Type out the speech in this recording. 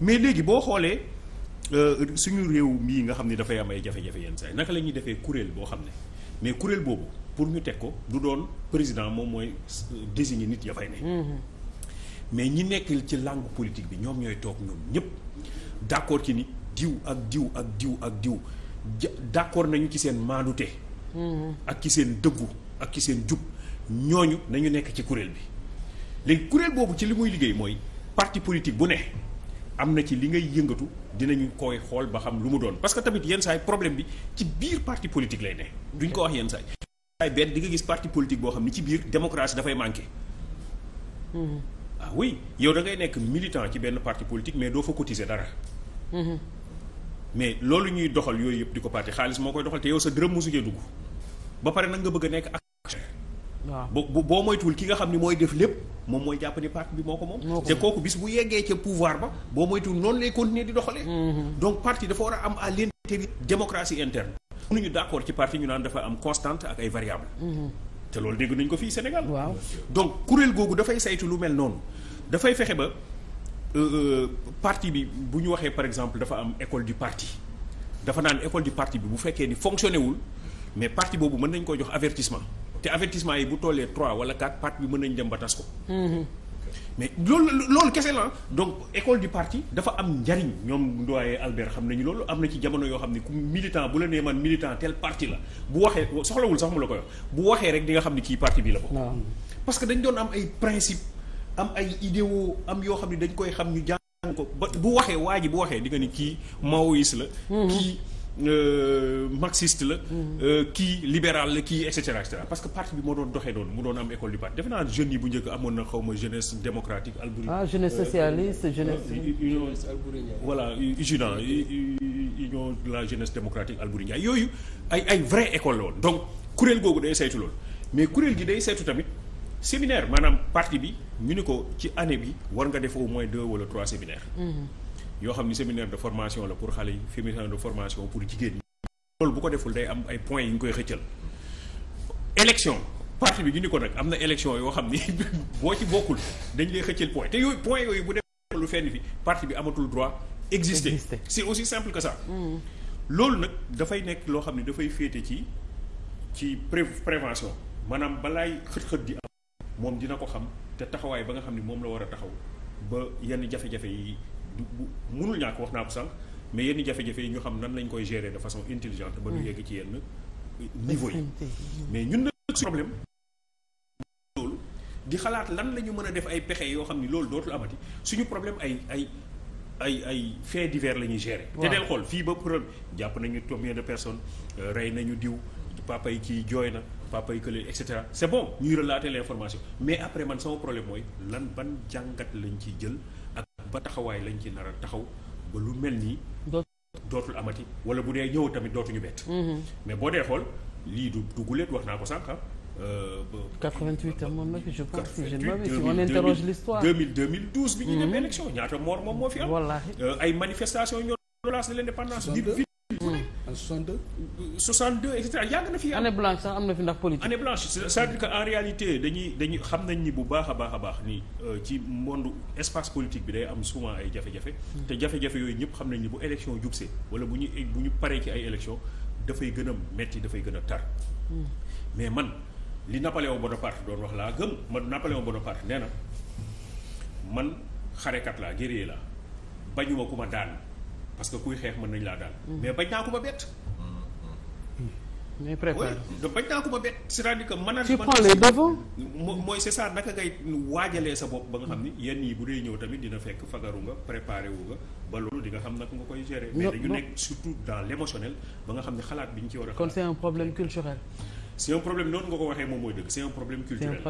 mais léegi boo xoolee euh, suñu réew mii nga xam ne dafay am ay jafe-jafe yenn saa yi naka lañuy defee kuréel boo xam ne mais kuréel boobu pour ñu teg ko du doon président moom mooy désigner nit ya fay ne mm-hmm. mais ñi nekk ci langue politique bi ñoom ñooy toog ñoom ñëpp d'accord ci ni diw ak diw ak diw ak diw d'accord nañu ci seen maandute mm-hmm. ak ci seen dëggu ak ci seen jub ñooñu nañu nekk ci kuréel bi léegi kuréel boobu ci li muy liggéey mooy parti politique bu ne am na ci li ngay yëngatu dinañu koy xool ba xam lu mu doon parce que tamit yenn saay problème bi ci biir parti politique lay ne duñ ko wax yenn saay saay benn di nga gis parti politique boo xam ni ci biir démocratie dafay manqué ah oui yow da ngay nekk militant ci benn parti politique mais doo fa cotiser dara mais loolu ñuy doxal yooyu yëpp di ko parti xaalis moo koy doxal te yow sa dërëm mosu cee dugg ba pare nag nga bëgg a nekk waaw boo moytuwul ki nga xam ni mooy def lépp moom mooy jàpp ni parti bi moo ko moom te kooku bis bu yeggee ca pouvoir ba boo moytuwul noonu lay continuer di doxalee mm-hmm. donc parti dafa war a am à l'intérieur démocratie interne mënuñu d'accord ci parti ñu naan dafa am constante ak ay variable mm-hmm. te loolu dégg nañ ko fii Sénégal waaw donc kuréel googu dafay saytu lu mel noonu dafay fexe ba euh, euh, parti bi bu ñu waxee par exemple dafa am école du parti dafa naan école du parti bi bu fekkee ni fonctionné wul mais parti boobu mën nañ ko jox avertissement te avertissement yi bu tollee trois wala quatre parti bi mën nañ dem ba tas ko. Mhm. mais loolu loolu kese la donc école du parti dafa am njariñ ñoom doyen Albert xam nañu loolu am na ci jamono yoo xam ne ku militant bu la nee man militant tel parti la bu waxee soxlawul sax mu la koy bu waxee rek di nga xam ne kii parti bi la ko. parce que dañ doon am ay principe am ay idéaux am yoo xam ne dañ koy xam ñu jàng ko ba bu waxee waa ji bu waxee di nga ni kii maoïs la. Mhm. kii. Euh, marxiste la. Mhm. Euh, kii libéral la kii et cetera et cetera parce que parti bi moo doon doxee doon mu doon am école du parti defe naa jeunes yi bu njëkk amoon na xaw ma jeunesse démocratique. albury ah jeunesse euh, socialiste jeunesse. union voilà UJDA union de yooyu ay ay vraie école la woon donc kuréel googu day saytu loolu mais kuréel gi day saytu tamit. séminaire maanaam parti bi ñu ni ko ci année bi war nga def au moins deux wala trois séminaires. Mhm. yoo xam ni séminaire de formation la pour xale yi séminaire de formation pour jigéen ñi. loolu bu ko deful day am ay points yi ñu koy xëccal. élection parti bi ñu ni ko nag am na élection yoo xam ni boo ci bokkul dañ lay xëccal point te yooyu point yooyu bu def lu fenn fi parti bi amatul droit exister c'est aussi simple que ça mm. loolu nag dafay nekk loo xam ne dafay féete ci ci pré prévention maanaam balaay xët-xët di am moom dina ko xam te taxawaay ba nga xam ne moom la war a taxaw ba yenn jafe yi mënul ñàkk wax naa ko sànq mais yenn jafe-jafe yi ñu xam nan lañ koy gérer de façon intelligente ba du hmm. yegg ci yenn hmm. niveau yi mais ñun nag problème loolu di xalaat lan lañu ñu mën a def ay pexe yoo xam ni loolu dootul amati suñu problème ay ay ay ay faits divers la ñuy gérer te del xool fii ba problème jàpp nañu combien de personnes euh, rey nañu diw papa yi kii jooy na papa yi kële et cetera c'est bon ñuy relater l'information mais après man sama problème mooy lan ban jàngat lañ ciy jël ba taxawaay lañ ci nar a taxaw ba lu mel nii dootul amati wala bu dee ñëw tamit dootuñu bett mm-hmm. mais boo dee xool lii du du guleet wax naa ko sànq ah 88 amoon na fi je pense si je ne m'abuse on interroge l'histoire 2000 2012 bi ñu dem mm-hmm. élection ñaata moor moom moo fi am wallaahi euh, ay manifestation ñoo place de l'indépendance di ville 62. 62 de cetera yàgg na fi. année blanche sax am na fi ndax politique. année blanche cest dire que en réalité dañuy dañuy xam nañ ni bu baax a baax a baax ni euh, ci monde espace politique bi day am souvent ay jafe-jafe. Hmm. te jafe-jafe yooyu ñëpp xam nañ ni bu élection jubsee wala bu ñu bu ñu paree ci ay élection dafay gën a metti dafay gën a tar. Hmm. mais man li Napoléon Bonaparte doon wax laa gëm man Napoléon Bonaparte nee na man xarekat laa guerrier laa bañuma ku ma parce que kuy xeex mën nañ laa daal. Mm-hmm. mais bañ naa ko ba bett. mais préparé oui bañ naa ko ba bett c'est-à-dire que. management sa bopp ba nga xam ni yenn yi bu tamit dina fekk fagaru nga préparé wu nga ba loolu xam naka nga koy gérer. mais dañu nekk surtout dans l'émotionnel ba nga ci a. kon c'est un problème culturel. c'est un problème noonu nga ko waxee moom mooy dëgg c'est un problème culturel.